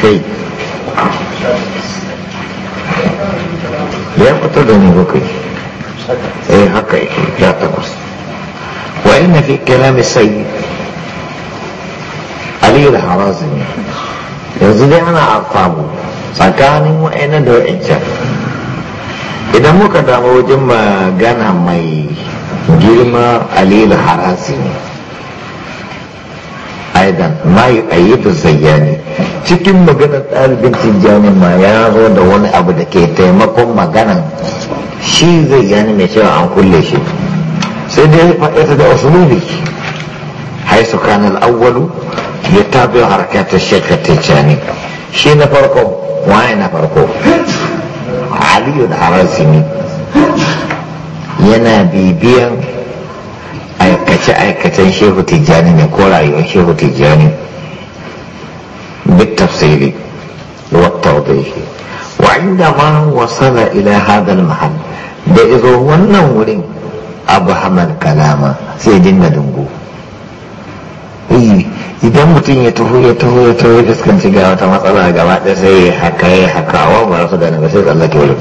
kai ya fito da ni bakwai eh haka ya takwas wa na fi mai sai aliyu da harazimi yanzu dai ana afamu tsakanin wa'ina da wa'incan idan muka damu wajen magana mai girma aliyu da harazimi aida ma yi ayyutu zayyani cikin maganar ɗalibin tijjani ma ya zo da wani abu da ke taimakon maganan shi zayyani mai cewa an kulle shi sai dai faɗa ta da usulubi haisu kanal awwalu ya tabi harkatar shekar tijjani shi na farko waye na farko aliyu da harazini yana bibiyan aikace-aikacen shehu tijjani ne ko rayuwar shehu tijjani بالتفصيل Da izo wannan wurin, هذا المحل Kalama. Sai أبهم الكلام dungu. yi eh, idan mutum ya taho ya taho ya taho ya fuskanci ga wata matsala gaba da sai haka ya haka wa ba su da na sai tsallake wani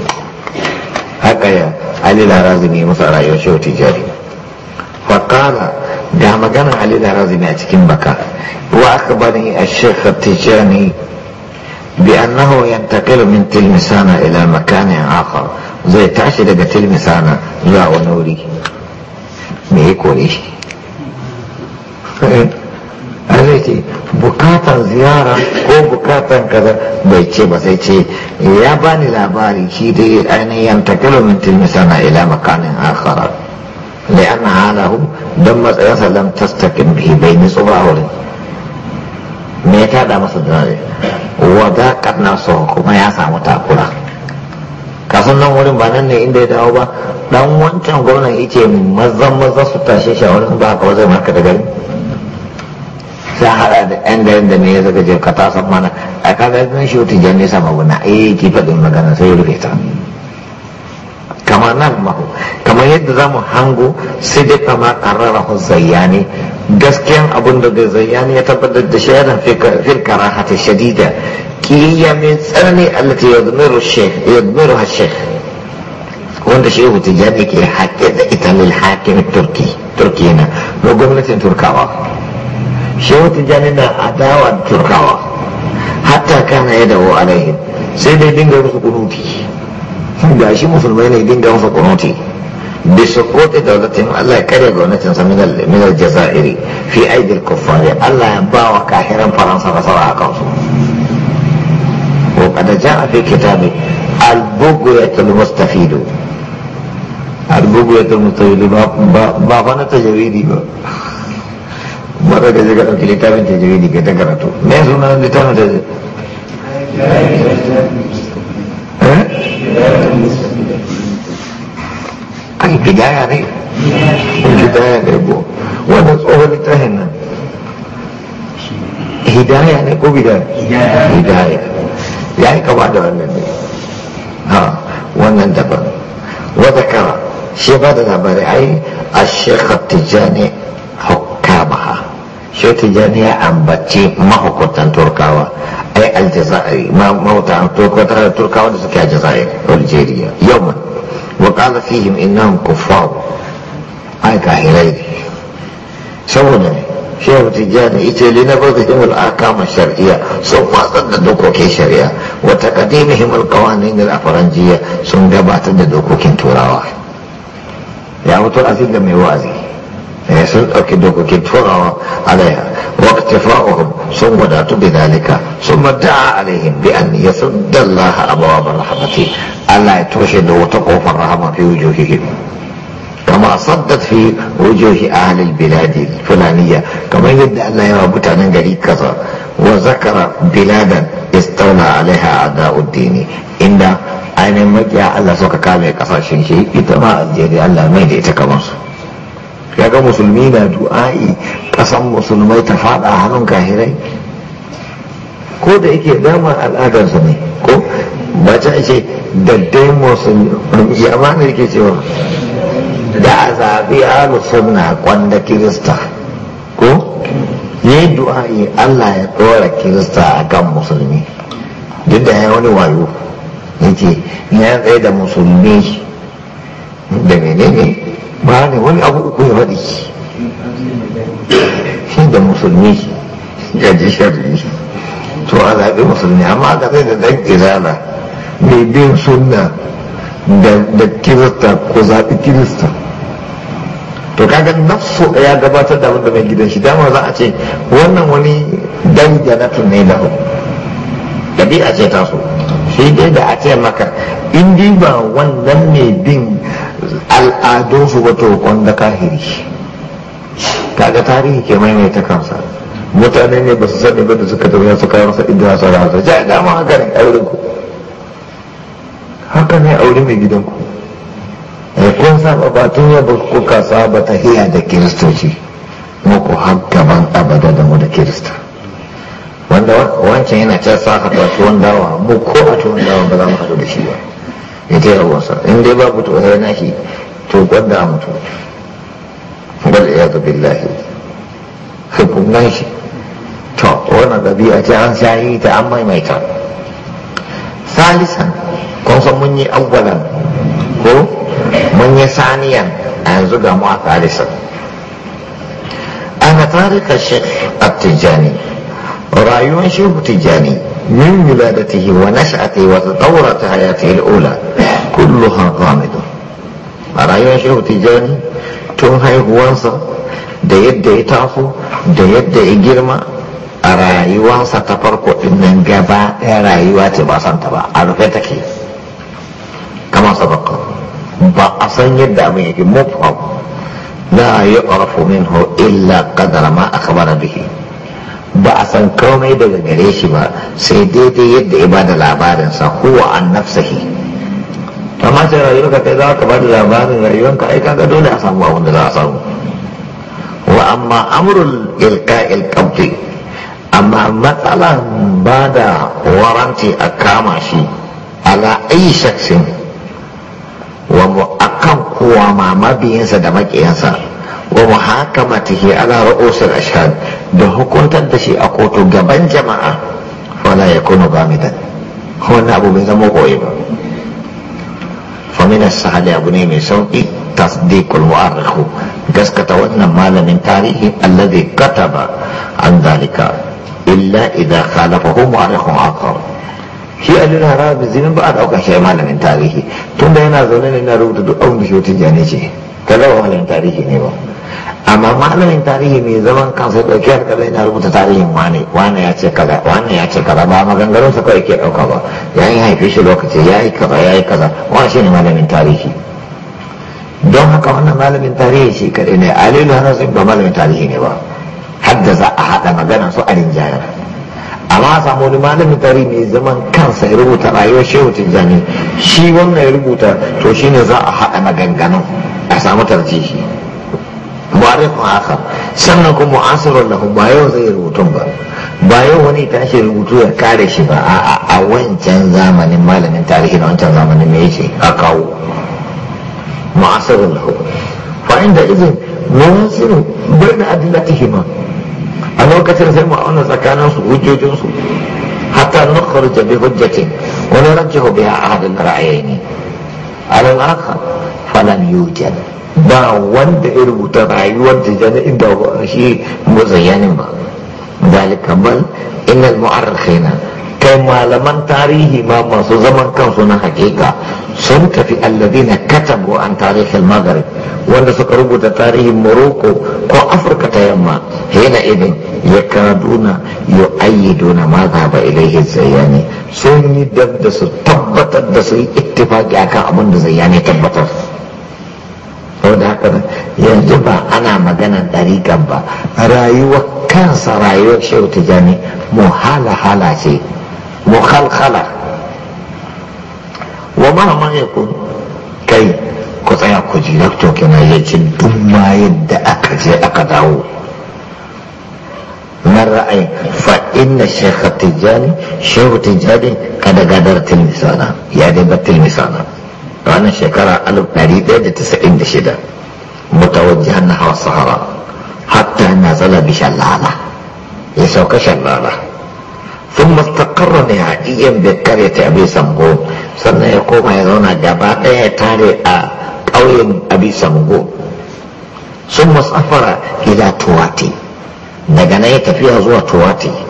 haka ya alila razumi masa rayuwar shi tijari faƙala da magana ali da razumi a cikin baka wa aka bani a shekha tijani bi annahu yantaqilu min tilmisana ila makanin akhar zai tashi daga tilmisana zuwa wani wuri me ya kore shi zai ce bukatan ziyara ko bukatan kaza bai ce ba sai ce ya bani labari shi dai ainihin yantakilu min tilmisana ila makanin akhara لأن حاله دم مسألة لم تستقم به بين صباحه me ya tada masa dinare wadakar nasu kuma ya samu takura kasan nan wurin ba nan ne inda ya dawo ba dan wancan gwamnan ice mazan maza su tashe shi a wurin ba haka zai marka da gari sai hada da yan garin da me ya zaga je ka tasan mana a kaga gan shi wutin jan nesa maguna eh ki faɗin magana sai ya rufe ta kama nan mahu kamar yadda za mu hango sai dai kama kararrahu zayyani gaskiyan abin da zayyani ya tabbatar da shaidan fil karahati shadida kiyayya mai tsanani allati yadmiru shekh yadmiru shekh wanda shehu tijjani ke haƙe da ita lil haƙƙin turki turki na na gwamnatin turkawa shehu Tijani na adawa turkawa hatta kana yadawo alaihim sai dai dinga wasu kunuti ga shi musulmai ne dinga rufe kunuti da wata daulatin Allah ya kare gwamnatin sa minar jaza'iri fi aidil kuffari Allah ya ba wa kahiran faransa nasara a kansu wa kada ja'a fi kitabi al-bughyatul bugu mustafidu al-bughyatul mustafidu ba fa na tajawidi ba ba ka gaje ka ɗauki littafin tajawidi ka ta karatu me sunan littafin tajawidi البداية المستمدة البداية دي البداية لكم ونسأل انتهنا إيه هداية لكم بداية هداية يعني كبعد عن النبي ها wannan daban wadda kara shi ba da labarai shi tijjani ya ambace mahukuntan turkawa yi aljazari mahukuntan turkawa da suke a algeria yau wa kala fihim ai kahirai ne saboda ne shehu tijjani ita Lina na bazu himul akama shari'a sun watsar da dokokin shari'a wata kadimi himar kawanin da faranjiya sun gabatar da dokokin turawa ya mutu a da mai wa'azi sun ɗauki dokokin turawa alaiha wa tifa'uhum sun gwadatu bi dalika sun mata alaihim bi an yasuddallaha abawa rahmati Allah ya toshe da wata kofar rahama fi wujuhihim kama saddat fi wujuhi ahli biladi fulaniya kamar yadda Allah ya wa mutanen gari kaza wa zakara biladan istawla alaiha adauddini inda ainihin makiya Allah suka kame kasashen shi ita ma Algeria Allah mai da ita kamar su ya ga musulmi na du'a'i kasan musulmai ta fada hannun kahirai ko da yake dama al'adarsa ne ko mace ce da dai musulmi ya ma ne yake cewa da a zaɓi alu kwanda kirista ko yi du'a'i allah ya ɗora kirista a kan musulmi duk da ya wani wayo yake ya tsaye da musulmi da menene ba ne wani abu uku ya faɗi shi da musulmi ya ji musulmi to a zaɓi musulmi amma ka zai da ɗan izala mai bin sunna da kirista ko zaɓi kirista to kaga nafsu ya gabatar da wanda mai gidan shi dama za a ce wannan wani dan janatu ne lahu ɗabi'a ce taso shi dai da a ce maka in ba wannan mai bin al'adunsu wata hukun da kahiri kaga tarihi ke maimaita kansa mutane ne ba su sani ba da suka tafiya su kawo masa idda su rasa ja dama haka ne aure ku haka ne aure mai gidan ku ya eh, kun saba ba tun ku kuka saba ta da kiristoci muku har gaban abada da mu da kirista wanda wancan yana can sa ka tuwon dawa mu ko a tuwon dawa ba za mu haɗu da shi ba ya tera wasa in dai babu to ya na shi to gwada mutu bal ya ga billahi hukun nan shi to wannan ɗabi'a ce an sai ta an maimaita salisan kun san mun yi awwalan ko mun yi saniyan a yanzu ga mu a salisan ana tarika shek at-tijani rayuwar shehu tijani من ولادته ونشأته وتطورة حياته الأولى كلها غامضة أرأي ما شيء تجاني تون هاي غوانسا دي يدعي تافو دي يدعي جرما أرأي وانسا تبركو إن انقابا أرأي واتي باسان تبا عرفتك كما سبق بأسان يدعي ميكي مفهم لا يعرف منه إلا قدر ما أخبر به ba a san komai daga gare shi ba sai daidai yadda ya bada labarinsa huwa an nafsahi amma sai rayuwarka kai za ka bada labarin rayuwarka ai kaga dole a samu abin da za a samu wa amma amrul ilka qabdi amma matsalan bada da waranti a kama shi ala ayi shaksin wa akan kuwa ma mabiyinsa da makiyansa wa muhakamatihi ala ru'usil ashhad da hukuntar da shi a kotu gaban jama'a fala yakunu gamidan wannan abu bai zama koyi ba fa min as-sahali abu ne mai sauki tasdiqul mu'arrikh gaskata wannan malamin tarihi alladhi kataba an dalika illa idza khalafahu mu'arrikhun akhar shi Ali na rabi zinin ba a dauka shi malamin tarihi tunda yana zaune ne na rubuta duk abin da shi wata jane ce kaza malamin tarihi ne ba amma malamin tarihi mai zaman kansa dauki har kada na rubuta tarihin wane wane ya ce kaza ba maganganun kawai ke dauka ba ya yi haife shi lokaci ya yi kaza ya yi kaza shi ne malamin tarihi don haka wannan malamin tarihi shi kaɗai ne alilu hanasin ba malamin tarihi ne ba hadda za a haɗa magana su a rinjaya amma a samu wani malamin tarihi mai zaman kansa ya rubuta rayuwar shehu Jami, shi wannan ya rubuta to shine za a haɗa maganganun a samu tarjihi mu'arifun akhar sannan kuma mu'asirun lahu ba yau zai rubutun ba ba yau wani tashi rubutu ya kare shi ba a wancan zamanin malamin tarihi na wancan zamanin mai yake a kawo mu'asirun lahu fa da izin sinu bai da tihima a lokacin sai mu auna tsakanin su hujjojin su hatta nukar bi hujjatin wani nurajjihu biha ahad al-ra'ayayn al falam falan ba wanda ya rubuta rayuwar tijjani inda shi muzayyanin ba zalika ina innal mu'arrikhina kai malaman tarihi ma masu zaman kansu na hakika sun tafi alladina katabu an tarihin magharib wanda suka rubuta tarihin morocco ko afirka ta yamma hina idin ya kaduna ya ayyiduna ma gaba ilaihi zayyani sun yi dab da su tabbatar da su yi ittifaki akan abin da zayyani tabbatar saboda haka yanzu ba ana maganan ɗarikan ba rayuwar kansa rayuwar shehu Tijjani mu hala ce mu halkala. wa ma ya ku kai ku tsaya ku ji dakto ya ci duk ma yadda aka je aka dawo na ra'ayi fa inna Shehu Tijjani, shehu ka kada gadar tilmisana ya dai bar tilmisana ranar shekara 1996 mutawajjihan na hawa sahara hatta na zala bi shallala ya sauka shallala sun mastakarra ne a iyan bekar ya abi sango sannan ya koma ya zauna gaba ɗaya tare a ƙauyen abi sango sun masafara ila tuwati daga nan ya tafiya zuwa tuwati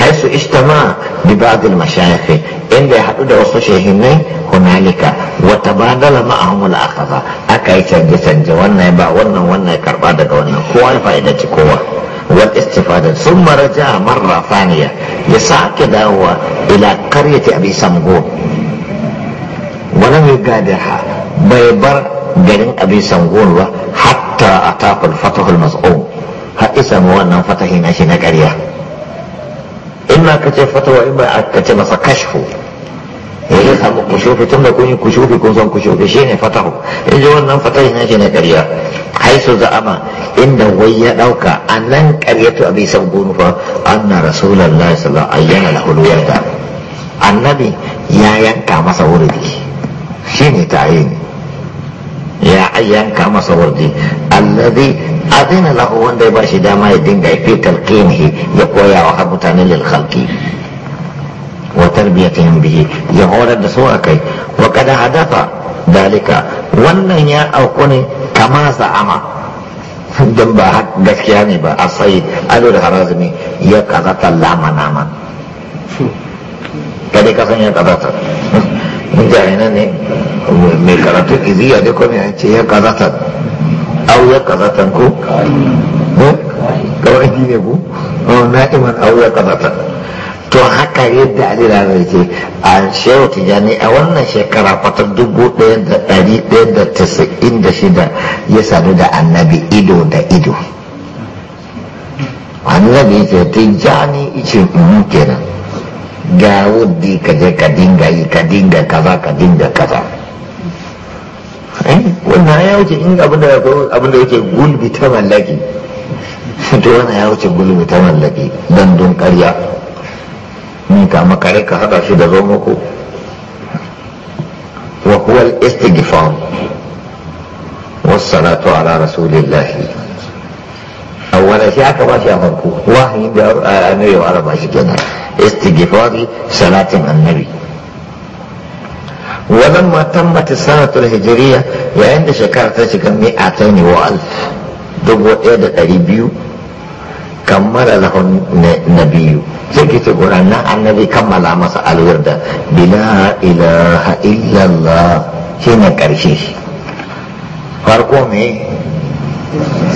حيث اجتمع ببعض المشايخ عند حدود وصشهن هنالك وتبادل معهم الأخذ أكاي تنجي تنجي وانا يبع وانا وانا يكربا دقا وانا كوا الفائدة كوا والاستفادة ثم رجع مرة ثانية يساك داوة إلى قرية أبي سمغون ولم يقادرها بيبر garin abin sangon ba hatta a takul fatahul mas'um har isa mu wannan fatahi in ma ka ce fatawa in bai ka ce masa kashfu eh, ya zai samu kushufi tun da kun yi kushufi kun san kushufi shi ne fatahu in ji wannan fatahi na shi ne karya haisu za'ama inda wai ya ɗauka a nan karyatu a bisan gunufa anna rasulallah sallallahu ayyana lahul yarda annabi ya yanka masa wurdi shi ne tayin ya yanka masa wurdi allazi azina lahu wanda ya bashi dama ya dinga fi talqinihi ya koya wa mutane lil khalqi wa tarbiyatihim bihi ya horar da su akai wa kada hadafa dalika wannan ya auku ne kama za'ama don ba gaskiya ne ba a sai ado da harazumi ya kazata lama naman kada ka san ya kazata mun jahina ne mai karatun iziya da kuma ya ce ya kazata auya kazatan ko kawai ne ko oh, na'iman auya kazatan to haka yadda zai ce, a shehu tijani a wannan shekara fata dubu ɗaya da ɗari ɗaya da tasa'in da shida ya sadu da annabi ido da ido annabi yake tijani ice umu kenan ga wuddi ka je ka dinga yi ka dinga kaza ka dinga kaza Eh? wannan ya wuce in abin da abin da yake gulbi ta mallaki to wannan ya wuce gulbi ta mallaki dan don ƙarya ni ka makare ka haɗa shi da zomo ko wa huwa al-istighfar was-salatu ala rasulillah awwala shi aka ba shi a farko wahayin da annabi ya araba shi kenan istighfari salatin annabi wannan ma tambata sanatul hijriya yayin da shekara ta shiga mi'a ta ne wa dubu ɗaya da dari biyu kammala lahun na biyu zai ta gura na annabi kammala masa alwar da bila ila illallah shi na ƙarshe shi farko me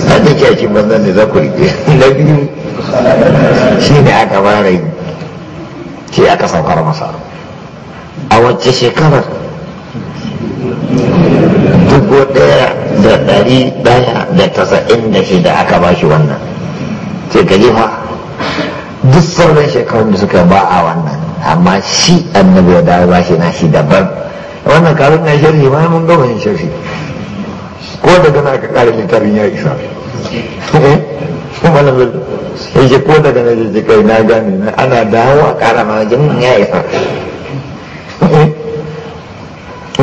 a duka shi bazan da za ku rike na biyu shi ne aka bara shi aka saukar masa a wacce shekarar dubu ɗaya da ɗari ɗaya da tasa'in da shida aka ba shi wannan ce galifa duk sauran shekarun da suka ba a wannan amma shi annabi ya dawo ba shi na shi daban wannan karin na sharhi ma mun gama yin sharhi ko da gana ka kare littafin ya isa kuma na bil yake ko da gana je kai na gane ana dawo a kara ma jin ya isa eh?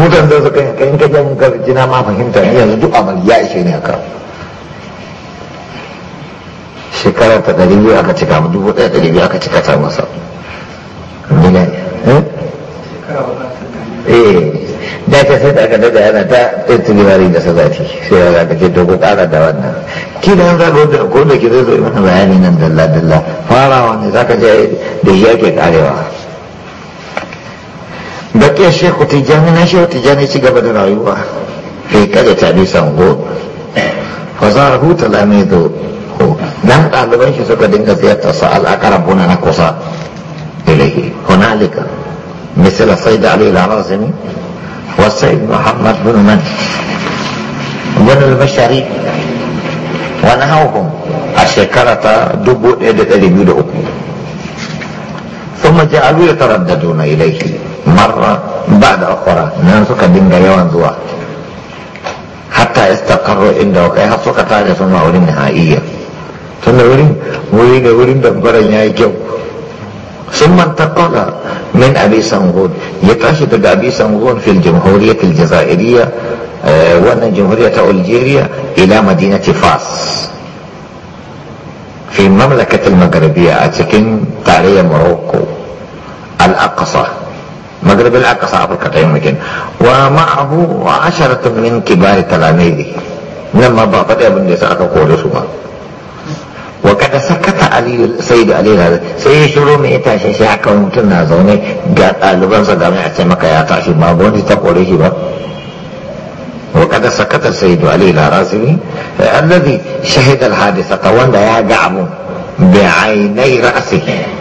mutan da suka in ka jan garjina ma fahimta ni yanzu duk amal ya ishe ne haka shekara ta ɗari biyu aka cika mu dubu ɗaya ɗari biyu aka cika ta masa ne eh da ta sai da aka daga yana ta tattalin da sa zafi sai ya ga kake dogo ƙara da wannan kidan za ka da ko da ke zai zo mana bayani nan dalla dalla farawa ne za ka je da yake karewa baƙi sheku tijjani na sheku tijjani ci gaba da rayuwa kai kada ta bi eh, sango fa za a huta oh, lamido ko dan ɗaliban shi suka dinga ziyartar sa al'akarabuna na kusa ilaihi hunalika misala sai da alayhi al-razimi wa sayyid muhammad bin man bin al Wani wa nahawhum a shekara ta 1203 ثم جعلوا يترددون إليه مرة بعد أخرى ننسك دين جريوان زوا حتى يستقروا عند وقعها إيه سوك تاجة ثم أولين نهائية ثم أولين أولين أولين دبرن يا جو ثم انتقل من أبي سنغون يتأشد أبي سنغون في الجمهورية الجزائرية آه، وأن جمهورية ألجيريا إلى مدينة فاس في المملكة المغربية أتكن تاريخ موروكو الأقصى مغرب الأقصى أفريقيا يمكن ومعه عشرة من كبار تلاميذه لما بعض ابن ليس أكو سما وقد سكت علي سيد علي هذا sai ya shiro mai tashi shi aka mutum na zaune ga ɗalibansa ga mai a ce maka ya tashi ba wani ta kore shi ba wa kada sakata sayyidu ali al-rasimi alladhi shahida al-hadithata wanda ya ga abu bi ainai ra'sihi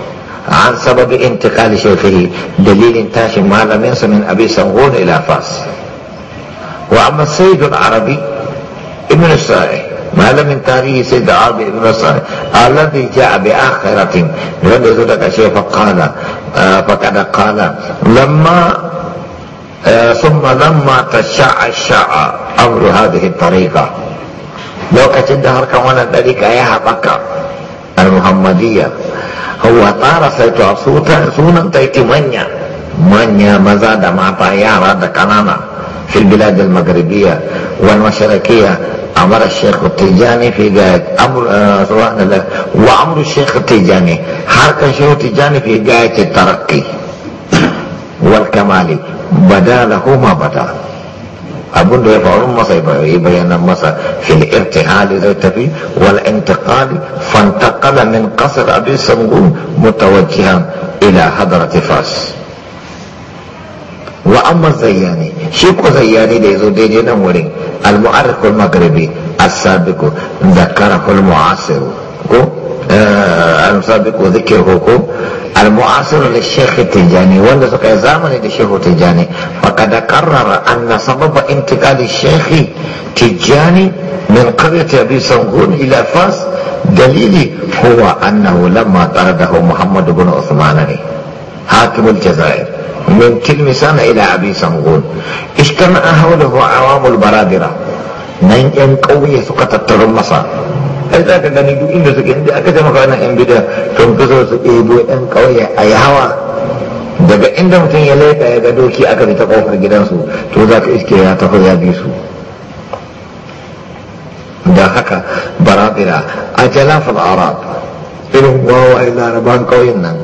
عن سبب انتقال شيخه دليل تاشي ما لم ينس من أبي سنغون إلى فاس وأما السيد العربي ابن الصالح ما لم من تاريخ سيد العربي ابن الصالح الذي جاء بآخرة لم يزدك شيء فقال آه، فقد قال لما آه، ثم لما تشعشع أمر هذه الطريقة لو كتند دهر كمان الطريقة يا بكر Al-Muhammadiyah Huwatara saitu asuta sunan taiti manya manya maza da mata yara da kanana fil bilad al-maghribiyya wal Amar al mashariqiyya Tijani Fi التجاني Amr قاعد أمر Wa Amr al الشيخ Tijani Harka الشيخ Tijani Fi قاعد الترقي والكمال بدا له ما بدا abin da ya faru masa ya bayyana masa fil irtihali zai tafi wal intiqali fantaqala min qasr abi samgun mutawajjihan ila hadrati fas wa amma zayyani shi ko zayyani da yazo daidai nan wurin al mu'arrikh al maghribi as-sabiq dhakarahu al mu'asir ko آه، سابق ذكره كو المعاصر للشيخ التجاني ولذلك سقى للشيخ التجاني فقد قرر أن سبب انتقال الشيخ التجاني من قرية أبي سنغون إلى فاس دليلي هو أنه لما طرده محمد بن عثمان حاكم الجزائر من تلمسان إلى أبي سنغون اجتمع حوله عوام البرادرة من ينقوي سقطت مصر ai za ka gani duk inda suke inda aka jama kawo yan bida to so su ɗebo yan ƙauye a hawa daga inda mutum ya laifa ya ga doki aka fi ta ƙofar gidansu to za ka iske ya tafi ya bi su da haka barabira a jalafar arab irin wawaye laraban ƙauyen nan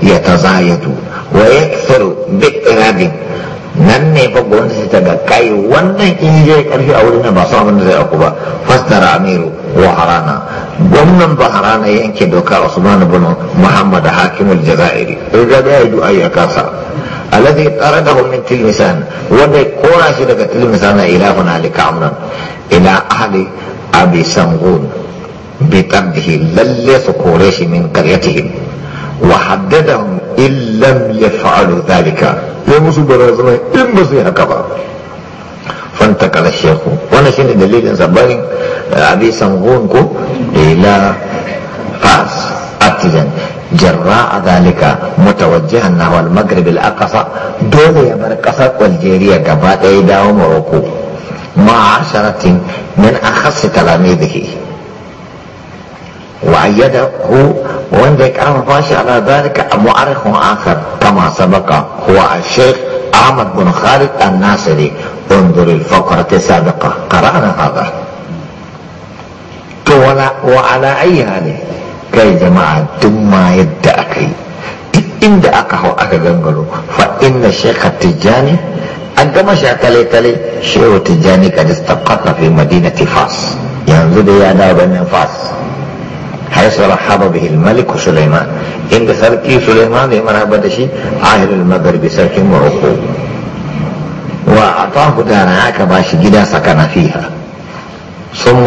ya ta wa ya tsaro ويكثر iradin. nan ne fa gwamnati ta ga kai wannan in je karfi a wurin ba san abin da zai aku ba fastar amiru wa harana gwamnan baharana yanke doka usman bin muhammad hakimul jazairi riga da yayi du'a ya kasa alladhi qaradahu min tilmisan wanda kora shi daga tilmisan ila hunalika amran ila ahli abi bi lalle su kore shi min وحددهم إن لم يفعلوا ذلك يمسوا برازنا إن بسيها كبار فانتقل الشيخ وانا شنو دليل سبعين أبي سمغونكو إلى فاس أتجن جراء ذلك متوجها نحو المغرب الأقصى دولة يبر قصر والجيرية قبات إيداهم وروكو مع عشرة من أخص تلاميذه وأيده وعندك كان فاشي على ذلك مؤرخ آخر كما سبق هو الشيخ أحمد بن خالد الناصري انظر الفقرة السابقة قرأنا هذا ولا وعلى أي حال كي جماعة ثم يدعك إن دعك هو أكغنغلو فإن الشيخ التجاني عندما شاء تلي تلي شيخ التجاني قد استقر في مدينة فاس ينظر يا دابا من فاس inda حيث رحب به الملك سليمان عند سركي سليمان يمنع بدشي أهل المغرب سركي مرقو وأعطاه دارعك باش جدا سكن فيها ثم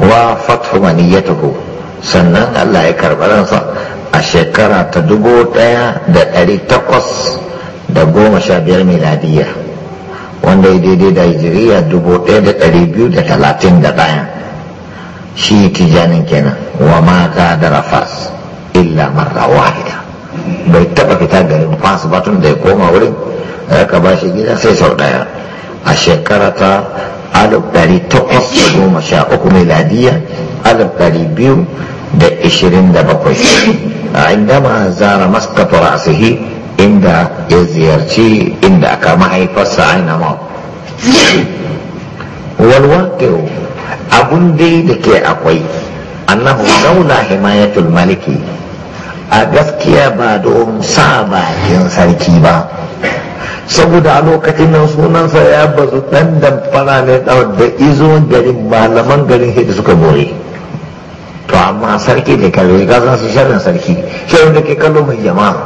وفتح منيته sannan Allah ya karɓi ransa a shekara ta dubu ɗaya da ɗari takwas da goma sha biyar miladiya wanda ya daidai da hijiriya dubu ɗaya da ɗari biyu da talatin da ɗaya shi tijanin kenan wa ma da fas illa marra wahida bai taba fita garin fas ba tun da ya koma wurin ya ba shi gida sai sau daya a shekara ta alif dari takwas da goma sha uku miladiya alif dari biyu da ishirin da bakwai a inda ma zara maskata rasuhi inda ya ziyarci inda aka mahaifarsa aina ma walwaƙewa abun dai da ke akwai annahu laula himayatul maliki a gaskiya ba don sa bakin sarki ba saboda a lokacin nan sunansa ya bazu dan damfara ne da izo garin malaman garin hidda suka bore to amma sarki da kallo ga za su sharin sarki shi da ke kallo mai jama'a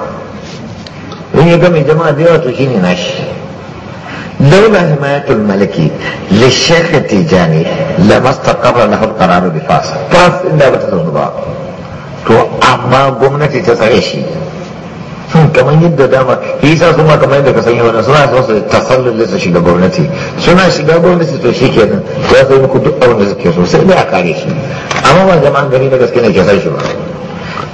ya ga mai jama'a da yawa to shine nashi لولا حماية الملك للشيخ التيجاني لما استقر له القرار بفاس فاس إلا بتتنبع to amma gwamnati ta في shi kamar yadda dama hisa suna kamar yadda ka sanya wannan suna so su tasallul shiga gwamnati suna shiga gwamnati to shi kenan ya sai muku duk abin da suke so sai a kare shi amma ba jama'an gari da gaske ne ke shi ba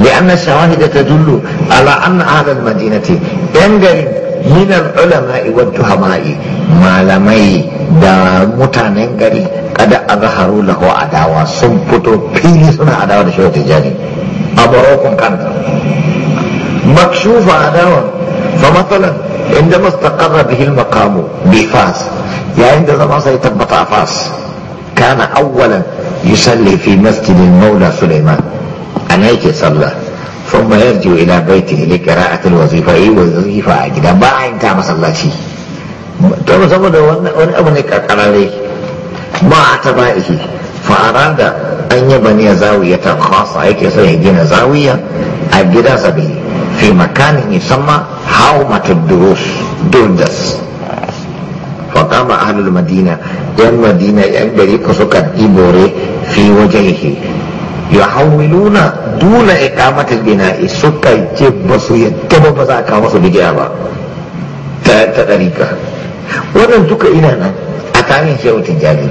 لأن الشواهد تدل على أن أهل المدينة gari. min al-ulama'i wa tuhama'i malamai da mutanen gari kada azharu lahu adawa sun fito fili suna adawa da shehu tijani a barokun kan makshufa adawa fa matsalan inda mastaqarra bihi al bi fas yayin da zama sai tabbata a fas kana awwalan yusalli fi masjidil maula sulaiman ana yake sallah ثم يرجع إلى بيته لقراءة الوظيفة أي وظيفة أجدا با أنت مسلاتي تو saboda wani abu ne kakarare ba a taba ihi fa'arada an yi bani ya ta khasa yake so ya gina zawiya a gida sabi fi makanin yusamma haumatul durus durdas فقام أهل المدينة ين مدينة ين بريق سكت إبوري في وجهه يحولون duna ikamatul bina'i suka ce ba su yadda ba ba za a kawo su bigiya ba ta ɗarika wannan duka ina nan a tarihin shehu tijjani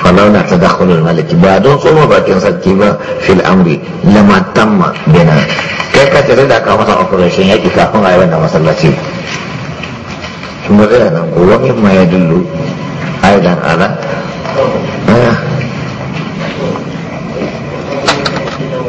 falauna ta dakhulul maliki ba don tsoma bakin sarki ba fil amri lama tamma bina kai ka tare da ka masa operation yaki kafin a yi wannan masallaci kuma zai nan ko wani ma ya dillu aidan ala ah.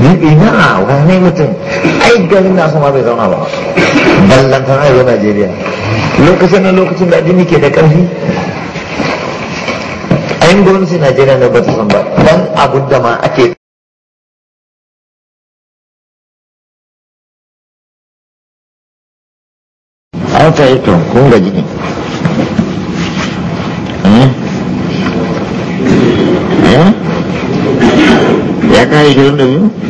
ina wani mutum ai garin nasu ma bai zauna ba ballantan najeriya lokacin da addini ke da karfi ayin gwamnati najeriya ne ba dan abu dama ake an ta yi to kun gaji ya kai 22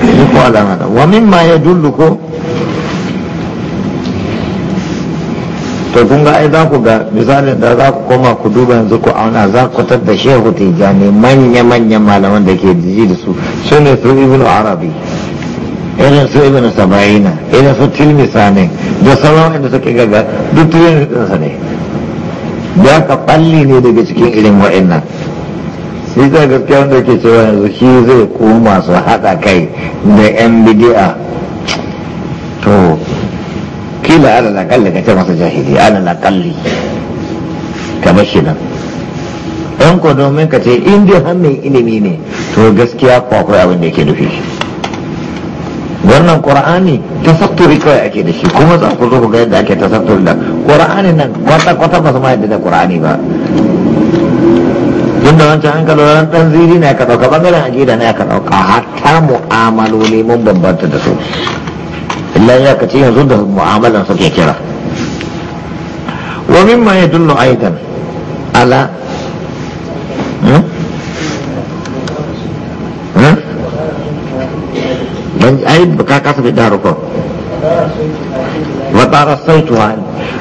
duk alama da wa mimma ya dullu ko to kun ga ai za ku ga misalin da za ku koma ku duba yanzu ku auna za ku tar da shehu tijani manya-manyan malaman da ke jiji da su su ne su ibn arabi irin su ibn sabayina irin su tilmisane da sauran inda suke gaga duk tuyin ɗinsa ne ya ka ɓalli ne daga cikin irin wa'annan sai za gaskiya wanda ke cewa yanzu shi zai koma su haɗa kai da yan bidi'a to kila na kalli ka ce masa jahili na kalli ka bashi nan Yan ko domin ka ce in dai har mai ilimi ne to gaskiya a akwai abin da yake nufi wannan qur'ani sattori kawai ake da shi kuma za ku zo ku ga yadda ake sattori da qur'ani nan kwata kwata ba su ma yadda da qur'ani ba yadda wancan an kalora ran dan ziri ne aka dauka bangaren aqida ne aka dauka hatta mu'amaloli mun bambanta da su illa ya kace yanzu da mu'amalan suke kira wa mimma dullu aidan ala hmm? Hmm? ban ai ka kasa da ruko wa tara saituha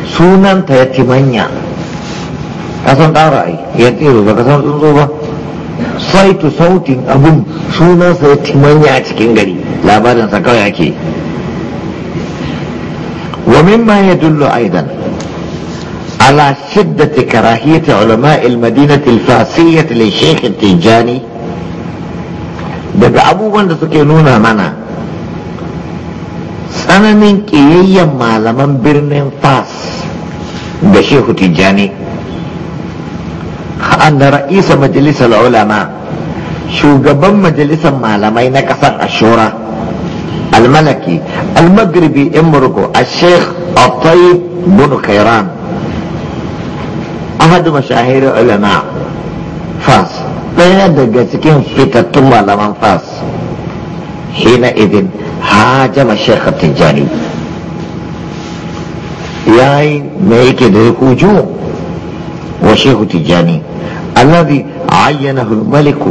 sunanta manya kasan san ƙara ai ya ƙero ba ka san tsuntsu ba saitu sautin abun sunansa ya manya a cikin gari labarinsa kawai ake ya ومما يدل أيضا على شدة كراهية علماء المدينة الفاسية للشيخ Tijjani. daga abubuwan da suke nuna mana tsananin ƙiyayyen malaman birnin fas da shehu tijjani anna ra'isa majalisar ulama shugaban majalisar malamai na ƙasar Ashora. almalaki almagribi in murgo a sheikh atai bin kairan ahadu mashahiri ulama fas Daya daga cikin fitattun malaman fas hina idin hajjama jama sheikh tijani ya yi mai yake da ya وشيخ تجاني الذي عينه الملك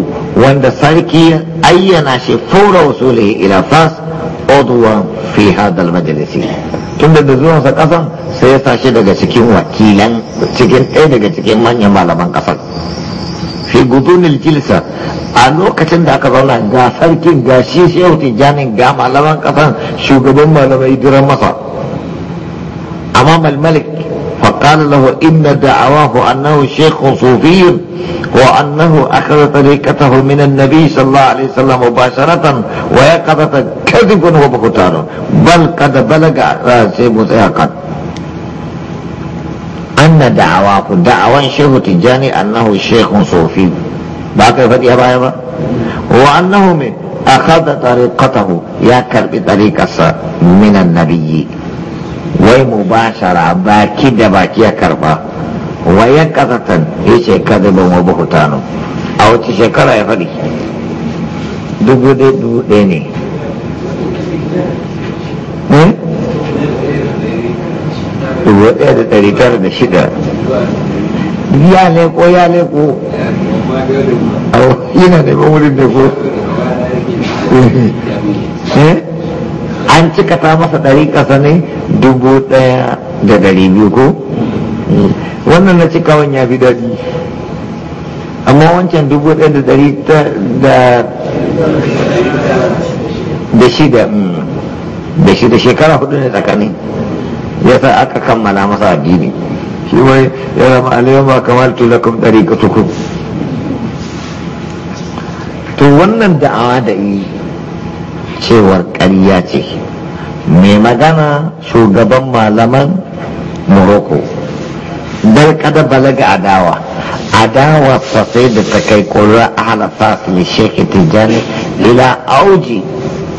وند سركي عين شيء فور وصوله ila Fas عضو fi hadal majalisi. tun da zuwansa ƙasa sai ya tashi daga cikin wakilan cikin ɗaya daga cikin manyan malaman ƙasar fi gudunil jilsa a lokacin da aka zauna ga sarkin ga shi shehu ga malaman ƙasar shugaban malamai diran masa amma malmalik فقال له إن دعواه أنه شيخ صوفي وأنه أخذ طريقته من النبي صلى الله عليه وسلم مباشرة ويقظة كذب وبهتان بل قد بلغ راسي سيقظ أن دعواه دعوى شيخ تجاني أنه شيخ صوفي باقي فدي أبا وأنه من أخذ طريقته يا كرب طريقة من النبي wai mu ba shara baki da baki ya karba ya kasatan ya ce kada ban wa buhutano a wace shekara ya faɗi dubu ɗaya dubu ɗaya ne hmm? dubu ɗaya da ɗari tara da shida ya leko ya leko yana da wurin da ko hmm? an cika ta masa ɗari ƙasa ne dubu ɗaya da ɗari biyu ko hmm. wannan na cikawan ya fi daɗi amma wancan dubu ɗaya da ɗari da shida hmm. da shida shekara hudu ne tsakani ya sa aka kammala masa addini shi mai ya zama aliyu ba kamar tulakun ɗari ka tukun to wannan da'awa da yi cewar ƙarya ce mai magana shugaban malaman morocco dar balaga adawa adawa ta da ta kai kura a halafa fi shekin tijani ila auji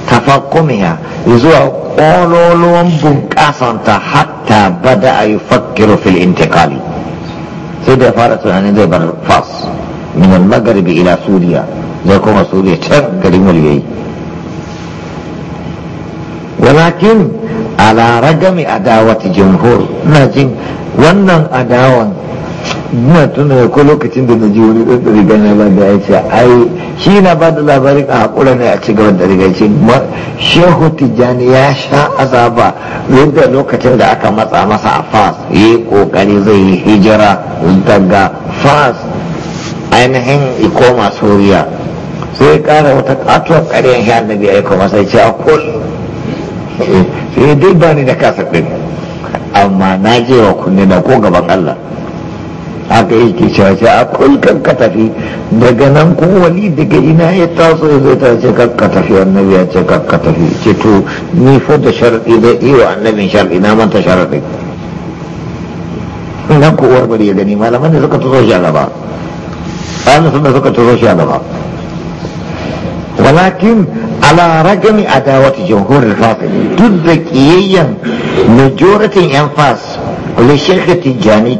ta fakumiya zuwa ƙololuwan ta hatta bada a yi fakiru fil intikali sai da fara tunanin zai bar fas minan magaribi ila suriya zai kuma suriya can garin yayi walakin ala ragami adawati jumhur ina jin wannan adawan ina tuna da ko lokacin da na ji wani ɗan riga na da ya ce ai shi na ba da labarin a haƙura ne a ci gaba da riga ce shehu tijjani ya sha azaba yadda lokacin da aka matsa masa a fas ya yi ƙoƙari zai yi hijira daga fas ainihin ikoma suriya sai ya ƙara wata ƙatuwar ƙaryar shi annabi ya yi kuma sai ce a kullum sai eh, dai ba ni da kasa ɗin amma na je wa kunne na ko gaban Allah haka yake cewa ce a kulkan ka tafi daga nan ko wani daga ina ya taso ya zai tace kar ka tafi annabi ya ce kar ka tafi ce to ni fa da sharadi da iya annabin sharadi na manta sharadi nan ko uwar bari ya gani malaman da suka taso shi a gaba ɗan sun da suka taso shi a gaba walakin ala ragami adawat jumhur al-fatih duk da kiyayyan majoratin yan fas li shaykh tijani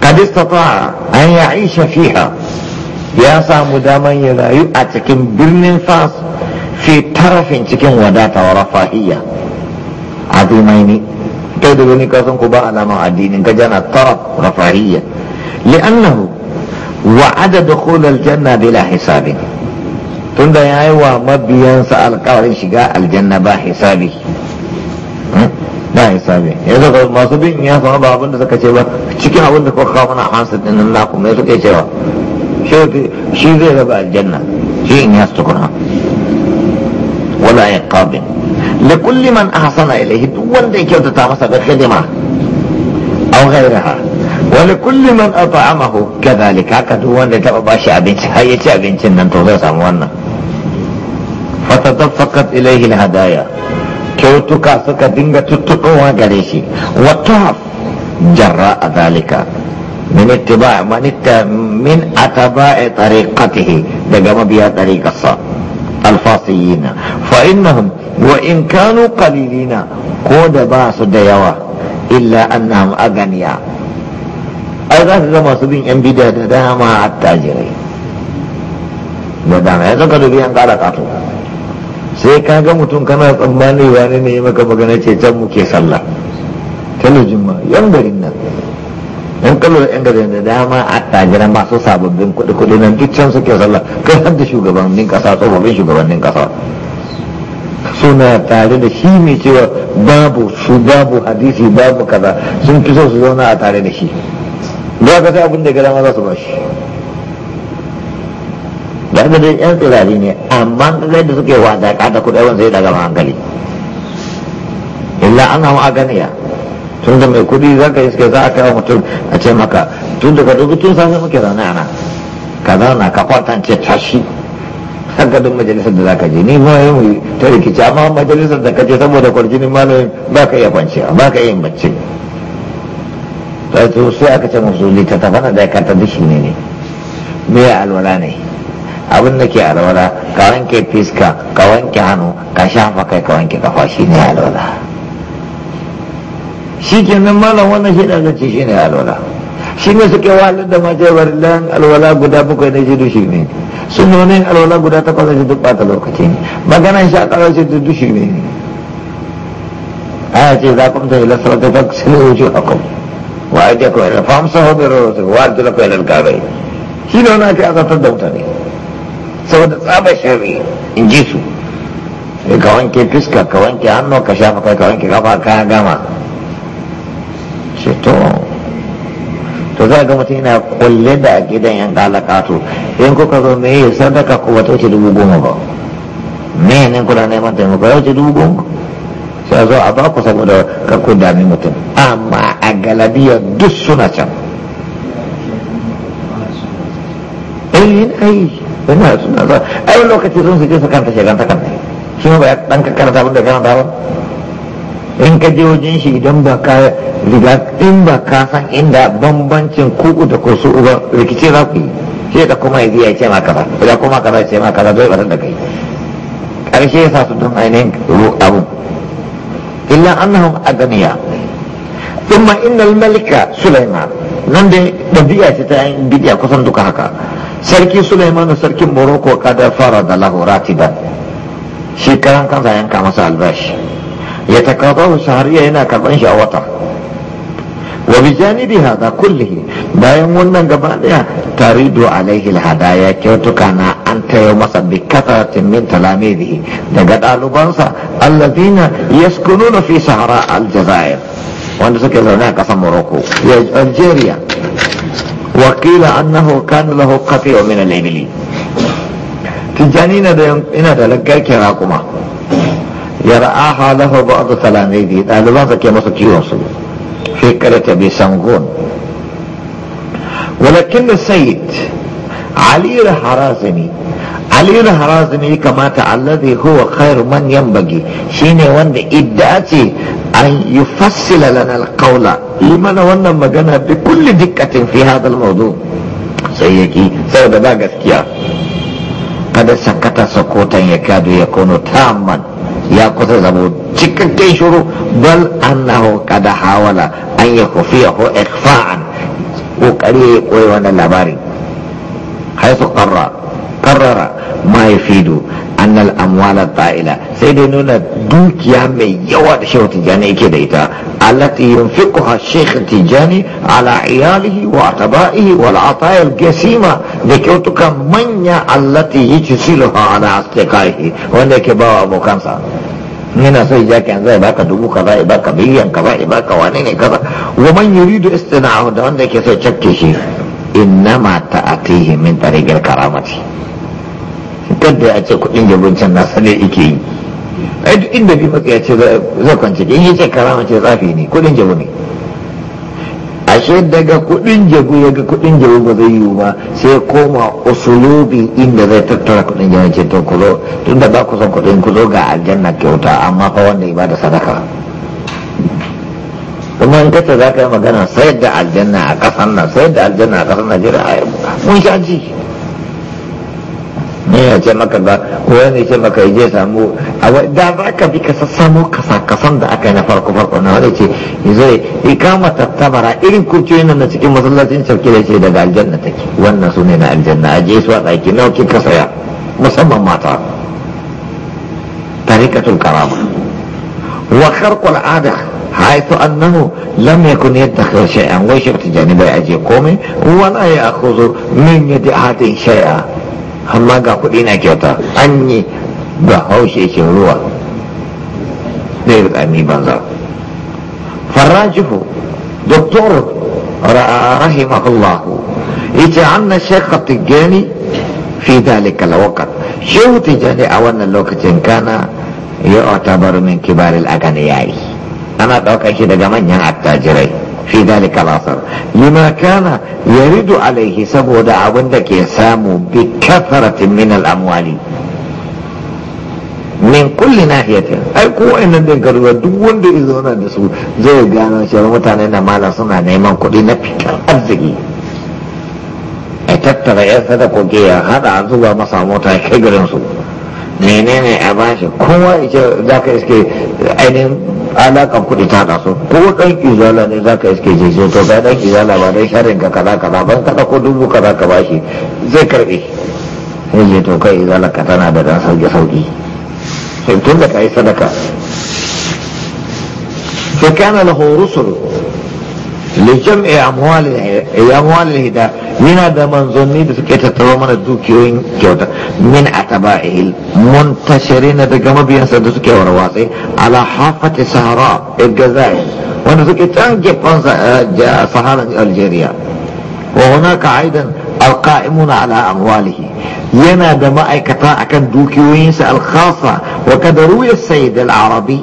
kad istata'a an ya'isha fiha ya samu daman ya rayu a cikin birnin fas fi tarafin cikin wadata wa rafahiyya azimai ne kai da wani kasan ku ba alamar addinin ka jana taraf rafahiyya li'annahu wa'ada dukhul al-janna bila hisabin tunda ya yi wa mabiyansa alƙawarin shiga aljanna ba hisabi hmm? ba hisabi yanzu ga masu bin ya sama ba abinda suka ce ba cikin abinda kuka kawo mana hansu din nan naku mai suke cewa shi zai raba aljanna shi in yasu tukuna wala ya kabin da kulli man ahsana ilaihi duk wanda ya kyautata masa ga hidima aw ghayraha wa li kulli man at'amahu kadhalika haka duk wanda ya taba bashi abinci har ya ci abincin nan to zai samu wannan وتدفقت إليه الهدايا كيوتوكا سكا دينغا تتقوا غريشي وتعف جراء ذلك من اتباع من اتباع طريقته دقم بها طريق الفاصيين فانهم وان كانوا قليلين قود باس ديوا الا انهم اغنيا ايضا لما سبين ان بدا ما التاجرين بدا ما يزكى بيان قال قاتل sai ka ga mutum kana tsammani wani ne maka magana ce can muke sallah talojin ma yan garin nan yan kallo yan garin da dama a tajiran masu sababbin kuɗi-kuɗi nan duk can suke sallah kai har da shugabannin ƙasa tsofaffin shugabannin ƙasa suna tare da shi mai cewa babu su babu hadisi babu kaza sun fi so su zauna a tare da shi ba ka sai abin da gara ma za su ba shi da yan tsirari ne amma zai da suke wada da kudi wanda zai daga hankali illa ana wa ganiya tun da mai kuɗi za ka iske za a kai mutum a ce maka tun da ka dubu tun safe muke zaune ana ka zauna ka kwatance tashi haka duk majalisar da za ka je ni ma yi ta rikici amma majalisar da ka je saboda kwarjinin malamin ba ka iya kwanciya ba ka iya yin bacci sai aka ce musu littattafa na da ya karta dushi ne ne me alwala ne abin da ke alwala ka wanke fiska ka wanke hannu ka shafa kai ka wanke kafa shi ne alwala shi ke nan malam wannan shi da zance shi ne alwala shi ne suke wahalar da mace barillan alwala guda bakwai na shi dushi ne nuna alwala guda takwas shi duk bata lokaci ne maganan sha tara shi duk dushi ne aya ce za ku mutu ila da ta sinu wuce akum wa aje kawai na famsa hobi rarrasu wa arjula kawai ila alkabai shi ne wani ake azartar da mutane saboda tsaba shari in ji su ka wanke fuska ka wanke hannu ka shafa kai ka wanke kafa ka gama ce to to za ga mutum yana kulle da gidan yan kalakato in kuka zo me yi sadaka ko wata wuce dubu goma ba me ne kuna neman taimako ya wuce dubu goma sai zo a baku saboda kakku dami mutum amma a galabiyar duk suna can eh ai yana suna za a yi lokaci sun su je su kanta shegan ta kanta shi ba ya danka karanta abin da karanta ba in ka je wajen shi idan ba ka riga in ba ka san inda bambancin kuku da kusu uba rikici za ku yi shi da kuma ya ya ce maka kaza da kuma kaza ya ce maka kaza zai barin da kai karshe ya sa su don ainihin abu illa annahum aganiya ثم إن malika سليمان nan dai ɗabi'a ce ta yin bidiya kusan duka haka sarki Sulaiman sarkin Morocco kada fara da lahu ratiban shi karan kansa yanka masa albashi ya takabahu sahariya yana karban shi a wata wa bi janibi hada kullihi bayan wannan gaba daya taridu alaihi alhadaya kyautuka na an tayo masa bi kasratin min talamidihi daga ɗalibansa allazina yaskununa fi sahara aljazair wanda suke zaune a ƙasar Morocco Algeria وقيل أنه كان له قطيع من الإبل دي إنا لقال كراكما يرآها له بعض تلاميذي طالبان فكي مسكيون في قرية بسنغون ولكن السيد علي الحرازمي علي الحرازمي كما تعلذي هو خير من ينبغي شيني وند إدعتي أن يفصل لنا القول لمن وانا مجانا بكل دقة في هذا الموضوع سيكي سيدا باقس كيا قد سكت سكوتا يكاد يكون تاما يا قصر زمو تشككي شروع بل أنه قد حاول أن يخفيه إخفاء وقريه قوي وانا لباري حيث قرر قرر ما يفيد annal amwala ta'ila sai dai nuna dukiya mai yawa da shehu tijani yake da ita allati yunfiquha shehu tijani ala iyalihi wa ataba'ihi wal ataya gasima da kyautukan manya allati yajsiluha ala asdiqaihi wanda yake bawa abokansa yana so ya kan zai baka dubu kaza ya baka biliyan kaza ya baka wane ne kaza wa man yuridu istina'ahu da wanda yake so ya cakke shi innama ta'atihi min tariqil karamati da ya ce kuɗin jabincin nasa ne ike yi ai duk inda bi maka ya ce zai kwanci in yi ce karama ce tsafi ne kuɗin jabu ne ashe daga kuɗin jabu ya ga kuɗin jabu ba zai yiwu ba sai koma usulubi inda zai tattara kuɗin jabu ce to kuzo tun da ba ku san kuzo ga aljanna kyauta amma fa wanda ya bada sadaka kuma in kace za ka yi magana sayar da aljanna a ƙasar nan sayar da aljanna a ƙasar najeriya mun sha ne ya ce maka ba ko wani ce maka je samu a da za ka bi ka sassamo kasakasan da aka yi na farko farko na wani ce zai ikama tattabara irin kurciyoyin yana na cikin masallacin sauki da ce daga aljanna take wannan su ne na aljanna a je su a tsaki nawa kika saya musamman mata tarikatul karama wa kharqul ada حيث أنه لم ta يدخر شيئا ويشفت جانبه أجي قومي ولا يأخذ min يد أحد شيئا amma ga kuɗi na kyauta an yi ba haushe ke ruwa zai banza farajihu doktor rahimahullahu ita na shekatu gani fi dalika lawaqat shehu jani a wannan lokacin kana ya otabar min kibaril agani yayi ana ɗaukar shi daga manyan attajirai في ذلك العصر لما alaihi saboda عليه da ke samu بكثرة من الأموال min kulli nahiyatin ai kuwa ina din karuwa duk wanda ya da su zai gano cewa mutane na mala suna neman kuɗi na fitar arziki a tattara yan sadakoki ya haɗa zuba masa mota ya kai garinsu. menene a bashi kowa ita za ka iske ainihin alaƙan kuɗi ta kaso ko ɗan izala ne za ka iske jeje to ga ɗan izala ba dai sharin ka kaza kaza ban kaɗa ko dubu kaza ka bashi zai karɓe sai je to kai izala ka tana da ɗan sauƙi sauƙi sai tun da ka yi sadaka sai kana lahu rusul li jam'i hida من هذا من ظني ده فكرة ترومان الدوكيوين كيوتا من أتباعه المنتشرين ده كما بيانسا ده ورواسي على حافة سهراء الجزائر وانا فكرة تنجي فانسا آه، سهراء الجيريا وهناك أيضا القائمون على أمواله ينا دماء كتاء كان دوكيوينس الخاصة وكذا السيد العربي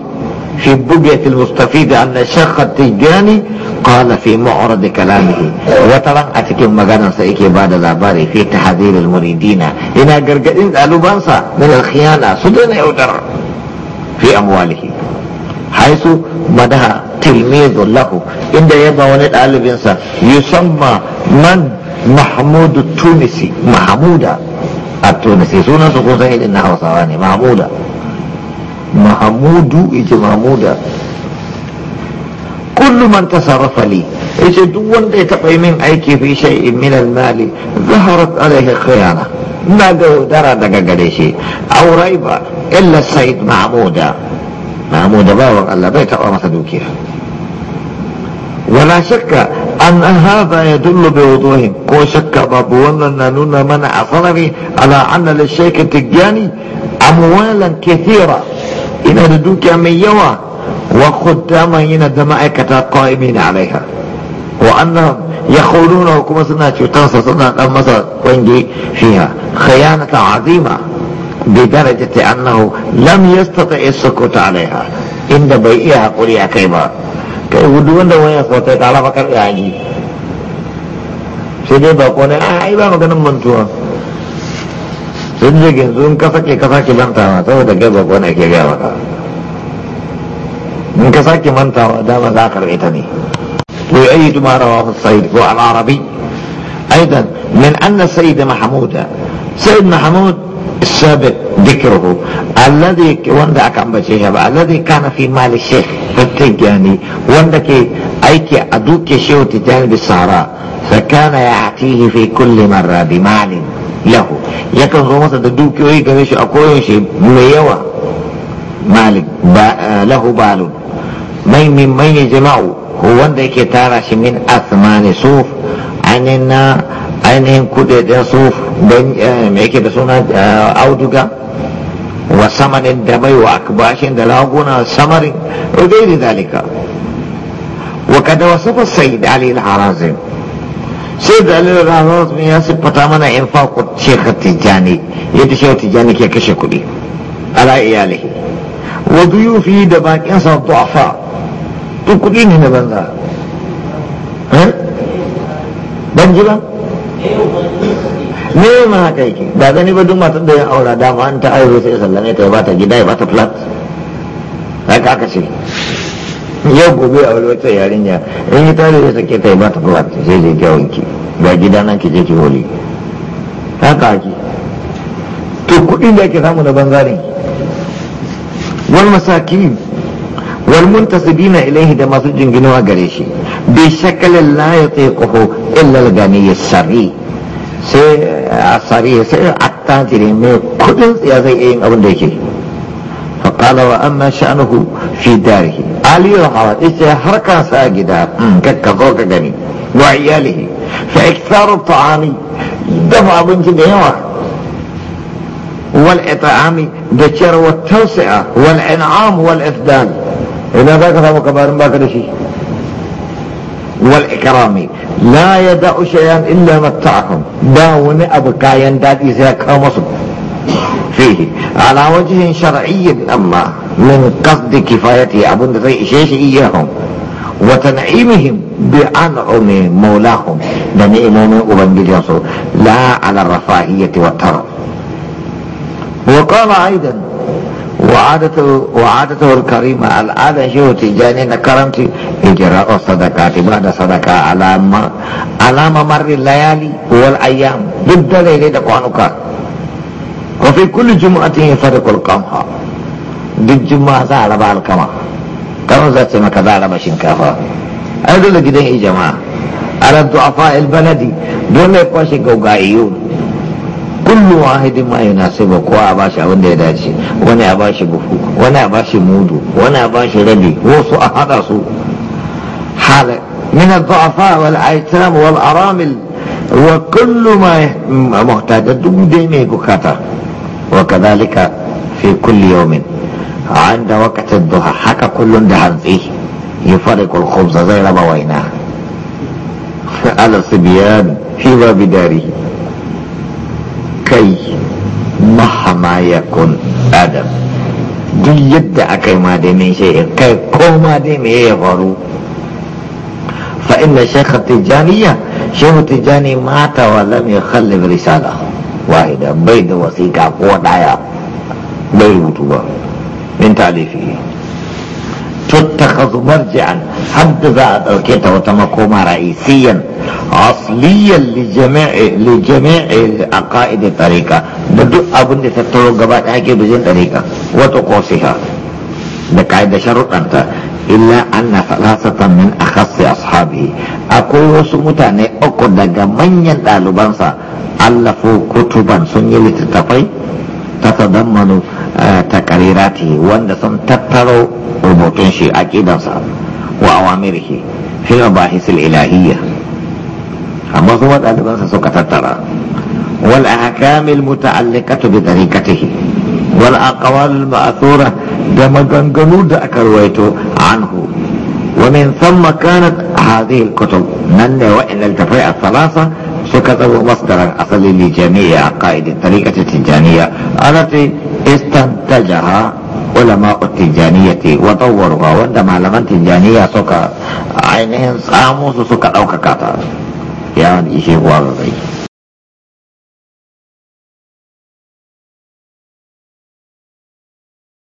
في بقية المستفيد أن الشيخ التجاني قال في معرض كلامه وترى أتكلم مجانا سيكي بعد الأباري في تحذير المريدين إن قرقدين قالوا بانسا من الخيانة صدنا يودر في أمواله حيث مدها تلميذ له إن يبا ونت ألبنسا يسمى من محمود التونسي محمودة التونسي سونا سكوزين إنها وصواني محمودة mahamudu yake mahmuda kullu man tasarrafa li yace duk wanda ya taba min aiki fi shay'in min al-mali zaharat alayhi khiyana ina ga dara daga gare shi aw illa sayyid mahmuda mahmuda bawan Allah bai taba masa dukiya wala shakka أن هذا يدل بوضوح كو شك باب منع ثمري على أن للشيك التجاني أموالا كثيرة إلى ندوك من يوى وخداما هنا دمائك قائمين عليها وأنهم يخولون وكما سنة شتاسة سنة المصر وينجي فيها خيانة عظيمة بدرجة أنه لم يستطع السكوت عليها إن بيئها قولي كيما kai wudu wanda wayan kwatai ta alafa karɓe a yi sai dai ba kone a yi ba maganin mantuwa sun je yanzu in ka sake ka sake mantawa saboda kai ba kone ke gaya maka in ka sake mantawa dama za a karɓe ta ne ويؤيد ما رواه الصيد هو العربي أيضا من أن السيد محمود سيد محمود السابق ذكره الذي وندا كان بشيخ الذي كان في مال الشيخ التجاني وندا كي ايكي ادوك شيخ تجاني بالصحراء فكان يعطيه في كل مرة بمال له يكن زو masa da dukiyoyi game shi a koyaushe shi yawa malik lahu balu mai min man yajma'u wanda yake tara shi min asmani suf ainihin kudaden suf don mai yake da suna auduga wa samanin da bai wa akbashin da laguna samarin wa da dalika wa kada wasu sayyid da al-harazim sai da alil rahmat ya siffata mana in faƙo shekar tijjani yadda shekar tijjani ke kashe kuɗi ala iyalihi wa duyufi da baƙin sa du'afa to kudi ne na banza eh? ban ji me ma haka yake ba gani ba duk matar da ya aura dama an ta aure sai sallame ta ya bata gida ya bata flat haka aka ce yau gobe a wani wata yarinya in yi tare ya sake ta ya bata flat sai je ga wanki ga gida nan ki je ki holi haka ake to kuɗin da ake samu na banzarin wal masakin wal muntasibina ilaihi da masu jinginuwa gare shi bi shakalan la yatiquhu illa al-ghaniyyus sarih sai a sari sai attajiri mai kudin tsiya zai yin abin da yake faƙala wa an na sha'anuhu fi darihi aliyar hawa ita harkar sa gida kakka zo ka gani wa iyalihi fa iktaru ta'ami dafa abinci da yawa wal it'ami da ciyarwa tausi'a wal in'am wal ifdal idan za ka samu kabarin baka da shi والإكرام لا يدع شيئا إلا متعكم داون أبقى دادي زيكا مصر فيه على وجه شرعي أما من قصد كفايته أبن ذي إشيش إياهم وتنعيمهم بأنعم مولاهم إمام أبنجي لا على الرفاهية والترف وقال أيضا وعادته الكريمة العادة شو تجاني نكرمتي إجراء الصدقات بعد صدقة على ما على ممر الليالي والأيام ضد ليلة قانوكا وفي كل جمعة يفرق القمح duk juma'a za a raba alkama kamar za ce maka za a raba shinkafa ai dole gidan ijama a rantu a fa'il baladi dole kwashe gaugayiyo كل واحد ما يناسبه كوا باش عند يداشي وانا باش بفو وانا باش مودو وانا باش ربي هو سو احد سو حالة من الضعفاء والايتام والارامل وكل ما محتاج دوديني بكاتا وكذلك في كل يوم عند وقت الضحى حكى كل دهان فيه يفرق الخبز زي ما على الصبيان في باب داره كي مهما يكن آدم duk yadda aka yi ma dai mai shi kai ko ma dai mai ya faru fa inna shekha tijaniya shehu tijani mata wa lam ya khallif risala wahida bai da wasiƙa ko daya bai rubutu ba min talifi تتخذ مرجعا حد ذات الكيتا وتمكوما رئيسيا اصليا لجميع لجميع عقائد الطريقه بدو ابن تتلو قبات هاكي بزين طريقه وتقوسها بقاعده شرط انت إلا أن ثلاثة من أخص أصحابه أقول وسمتاني أقول لك من ينتال بانسا ألفوا كتبا سنية لتتفي تتضمنوا تكريراته وان ثم تتروا ربطين شيء عجيبا صار وأوامره في المباحث الإلهية أما هو الأدب سوك تترى والأحكام المتعلقة بطريقته والأقوال المأثورة دمجا جنود أكرويته عنه ومن ثم كانت هذه الكتب من وإن التفاء الثلاثة سكتوا مصدرا أصل لجميع قائد الطريقة التجانية التي استنتجها علماء التجانية وطوروها وعندما لما التجانية سكا عينهم ساموس سكا أو كاتا يعني شيء واضح